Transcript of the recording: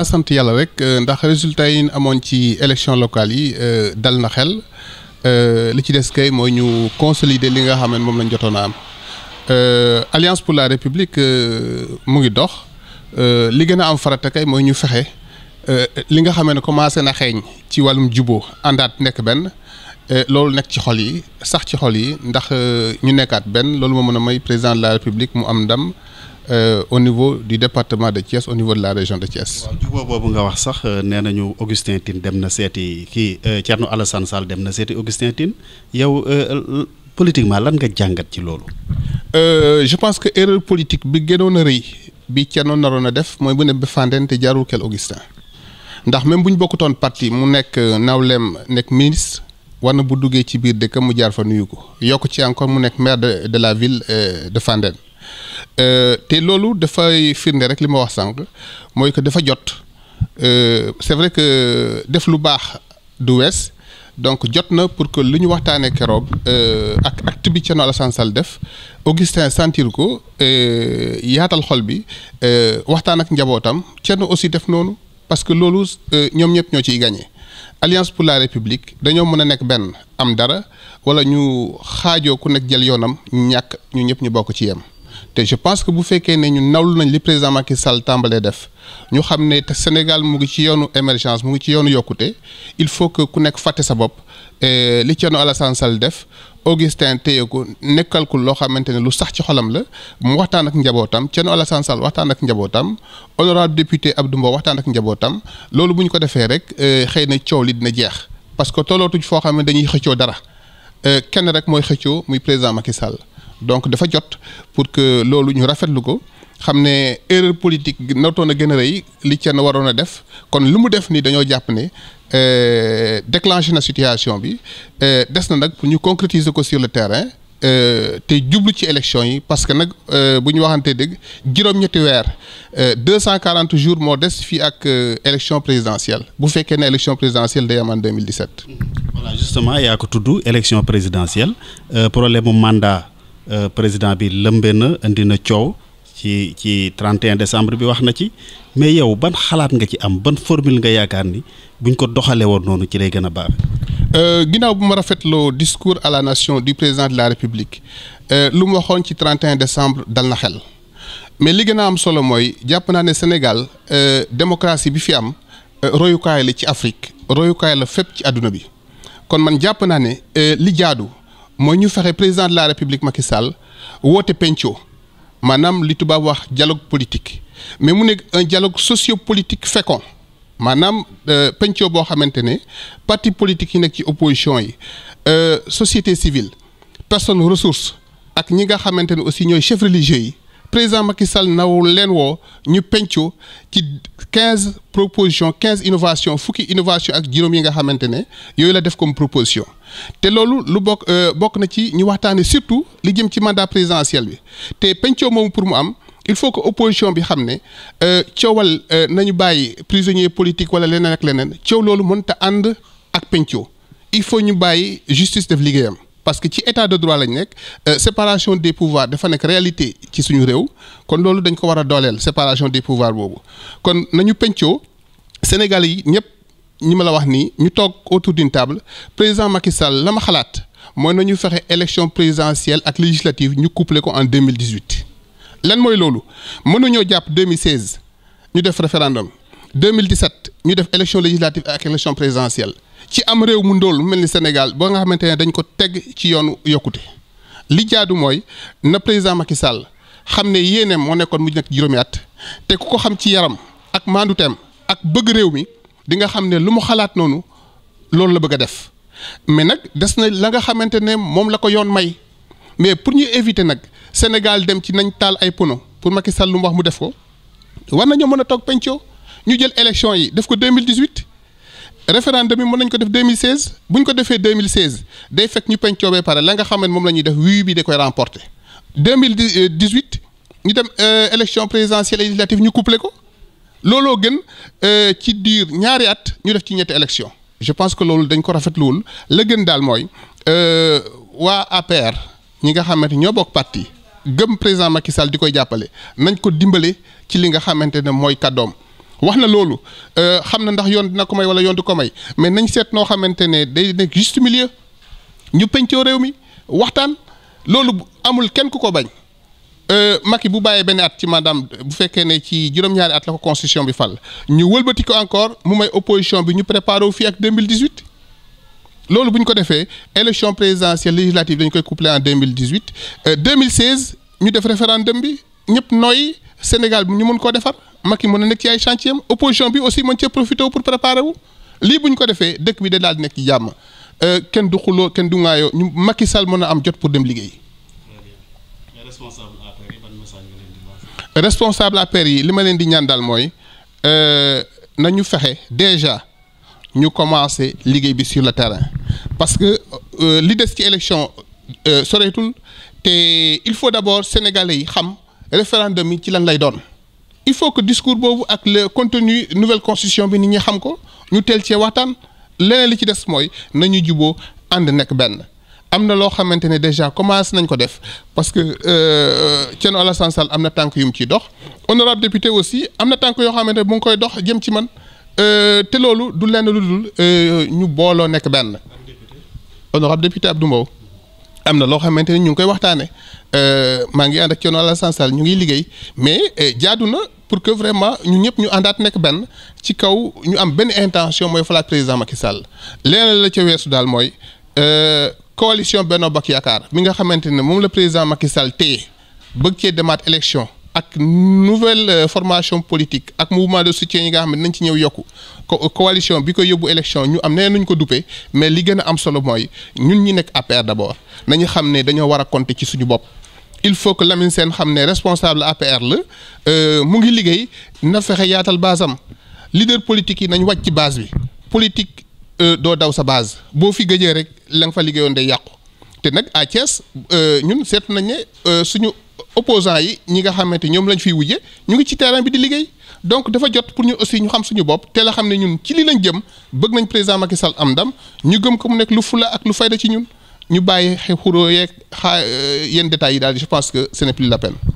xanaa sant yàlla rek euh, ndax résultat yi ñu amoon ci élection locale yi euh, dal na xel euh, li ci des kay mooy ñu consolider li nga xam ne moom lañu jotoon a am alliance pour la république mu ngi dox li gën a am farata kay mooy ñu fexe li nga xam ne commencé na xeeñ ci wàllum jubo àndaat nekk benn loolu nekk ci xol yi sax ci xol yi ndax ñu nekkaat benn loolu moo mën a may président la république mu am ndam. Euh, au niveau du département de Thiès au niveau de la région de Thiès. waaw boobu nga wax sax euh, nee nañu Augustin Tine dem na seeti kii euh, Thierno Alassane Sall dem na seeti Augustin Tine yow politiquement lan nga jàngat ci loolu. je pense que erreur politique bi gënoon a rëy bi Thierno naroon a def mooy bu ne ba Fandène te jaarul kel Augustin ndax même bu ñu bokkutoon parti mu nekk nawleem nekk ministre. war bu duggee ci biir dëkk mu jaar fa nuyu ko yokk ci encore mu nekk maire de de la ville de Fandène Euh, te loolu dafay firnde rek li ma wax sànq mooy que dafa jot euh, c'est vrai que def lu baax du wees donc jot na pour que lu ñu waxtaanee keroog euh, ak acte bi Thierno Alassane Sall def Augustin santir ko yaatal xol bi waxtaan ak njabootam Thierno aussi def noonu parce que loolu ñoom ñëpp ñoo ciy gagné. Alliance pour la République dañoo mën a nekk benn am dara wala ñu xaajoo ku nekk jël yoonam ñàkk ñu ñëpp ñu bokk ci yem. te je pense que bu fekkee ne ñu nawlu nañ li président Macky Sall tàmbalee def ñu xam ne te Sénégal mu ngi ci yoonu émergence mu ngi ci yoonu yokkute il faut que ku nekk fàtte sa bopp li Thierno Alassane Sall def Augustin téye ko nekkal ko loo xamante ne lu sax ci xolam la mu waxtaan ak njabootam Thierno Alassane Sall waxtaan ak njabootam honorable député Abdou Mbow waxtaan ak njabootam loolu bu ñu ko defee rek euh, xëy na coow li dina jeex parce que tollootuñ foo xam ne dañuy xëccoo dara euh, kenn rek mooy xëccoo muy président Macky Sall. donc dafa jot pour que loolu ñu rafetlu ko xam ne erreur politique naroon a gën a rëy li kenn waroon a def kon li mu def nii dañoo jàpp ne euh, déclenché na situation bi euh, des na nag pour ñu concrétiser ko sur le terrain euh, te jublu ci élection yi parce que nag bu ñu waxantee dëgg juróom-ñetti weer deux cent quarante jours moo des fii ak élection présidentielle bu fekkee ne élection présidentielle de am en 2017. voilà justement yaa ko tudd élection présidentielle problème mu mandat. Euh, président bi lëmbe na indi na coow ci ci 31 décembre bi wax na ci mais yow ban xalaat nga ci am ban formule nga yaakaar ni buñ ko doxalee woon noonu ci lay gën a baax. Euh, ginnaaw bu ma rafetloo discours à la nation du président de la république euh, lu mu waxoon ci 31 décembre dal na xel mais li gën a am solo mooy jàpp naa ne Sénégal démocratie bi fi am royukaay la ci Afrique royukaay la fépp ci àdduna bi kon man jàpp naa ne li jaadu. mooy ñu fexe président de la république Macky Sall woote penco maanaam li tubaab wax dialogue politique mais mu nekk un socio politique fécond maanaam euh, penco boo xamante ne parti politique yi nekk ci opposition yi euh, société civile personne ressource ak ñi nga xamante ne aussi ñooy chef religieux yi président Macky Sall naw leen woo ñu penco ci quinze propositions quinze innovations fukki innovation ak juróom yi nga xamante ne yooyu la def comme proposition te loolu lu bokk euh, bokk na ci ñu waxtaanee surtout li jëm ci mandat présidentiel bi te penco moom pour mu am il faut que opposition bi xam ne euh, coowal euh, nañu bàyyi prisonnier politique wala leneen ak leneen coow loolu mënta ànd ak penco il faut ñu bàyyi justice def liggéeyam. parce que ci état de droit lañ nekk euh, séparation des pouvoirs dafa nekk réalité ci suñu réew kon loolu dañ ko war a dooleel séparation des pouvoirs boobu kon nañu pencoo Sénégal yi ñëpp ñi ma la wax nii ñu toog autour d'une table président Macky la ma xalaat mooy nañu fexe élection présidentielle ak législative ñu couplé ko en 2018 lan mooy loolu mënuñoo jàpp 2016 ñu def référendum 2017 ñu def élection législative ak élection présidentielle ci am réew mu ndool mu mel ni Sénégal boo nga xamante ne dañ ko teg ci yoonu yokkute li jaadu mooy na président Macky Sall xam ne yéeneem moo nekkoon mu nekk juróomi at te ku ko xam ci yaram ak maanduteem ak bëgg réew mi di nga xam ne lu mu xalaat noonu loolu la bëgg a def mais nag des na la nga xamante ne moom la ko yoon may mais pour ñu éviter nag Sénégal dem ci nañ taal ay pono pour Macky Sall lu mu wax mu def ko war nañoo mën a toog penco ñu jël élection yi def ko 2018 référendum bi mën nañ ko def 2016 bu ñu ko defee 2016 day fekk ñu pencoo ba pare la nga xam ne moom la ñuy def wii bi da koy remporter 2018 ñu dem euh, élection présidentielle législative ñu couplé ko looloo gën euh, ci diir ñaari at ñu def ci ñetti élection je pense que loolu dañ ko rafetluwul la gën daal mooy euh, waa APR ñi nga xamante ñoo bokk parti gëm président Macky Sall di koy jàppale nañ ko dimbale ci li nga xamante ne mooy kàddoom. wax na loolu euh, xam na ndax yoon dina ko may wala yoon du ko may mais nañ seet noo xamante ne day nekk juste milieu ñu pencoo réew mi waxtaan loolu amul kenn ku ko bañ euh, Macky bu bàyyee benn at ci maanaam bu fekkee ne ci juróom-ñaari at la ko constitution bi fal ñu wëlbati ko encore mu may opposition bi ñu préparé wu fii ak 2018 loolu buñ ñu ko defee élection présidentielle législative dañ koy couplé en 2018 2016 euh, ñu def référendum bi ñëpp nooy Sénégal bi ñu mën koo defar. Macky mën a nekk ci ay chantier opposition bi aussi mën cee profité wu pour préparer wu lii bu ñu ko defee dëkk bi da daal di nekk ci jàmm euh, kenn du xuloo kenn du ŋaayoo ñu Macky sal mën a am jot pour dem liggéey. responsable APR yi li ma leen di ñaan daal mooy euh, nañu fexe déjà ñu commencé liggéey bi sur le terrain parce que euh, li des ci élection soreetul te il faut d'abord sénégalais yi xam référendum yi ci lan lay doon. il faut que discours boobu ak le contenu nouvelle constitution bi ni ñi xam ko ñu teel cee waxtaan leneen li ci des mooy nañu juboo ànd nekk benn am na loo xamante ne déjà commencé nañ ko def parce que euh, Thierno Alassane Sall am na tànk yu mu ciy dox honorable député aussi am na tànk yoo xamante ne mu ngi koy dox jëm ci man euh, te loolu du lenn lu dul euh, ñu booloo nekk benn honorable député Abdou Mbow am na loo xamante ne ñu ngi koy waxtaane Euh, maa ngi ànd ak Thierno Alassane Sall ñu ngi liggéey mais euh, jaadu na pour que vraiment ñu ñëpp ñu àndaat nekk benn ci kaw ñu am benn intention mooy falaat président Macky Sall leneen la ca weesu daal mooy euh, coalition benn Bokk Yaakaar mi nga xamante ne moom la président Macky Sall téye bëgg cee demaat ak nouvelle formation politique ak mouvement de soutien yi nga xam ne nañ ci ñëw yokk yokku coalition bi ko yóbbu élection ñu am nee nañ ko duppee mais li gën a am solo mooy ñun ñi nekk APR d'abord nañu xam ne dañoo war a compter ci suñu bopp il faut que lamin seen xam ne responsable APR la euh, mu ngi liggéey na fexe yaatal base am leader politique yi nañ wàcc ci base bi politique euh, doo daw sa base boo fi gëjee rek la nga fa liggéeyoon day yàqu te nag à Thiès euh, ñun seet nañ ne suñu opposant yi ñi nga xamante ñoom lañ fiy wujje ñu ngi ci terrain bi di liggéey donc dafa jot pour ñu aussi ñu xam suñu bopp te la xam ne ñun ci lii lañ jëm bëgg nañ président Macky sal am ndam ñu gëm ko mu nekk lu fula ak lu fayda ci ñun ñu bàyyi xuroo yeeg xaa euh, yenn détails yi daal je pense que ce n'est plus la peine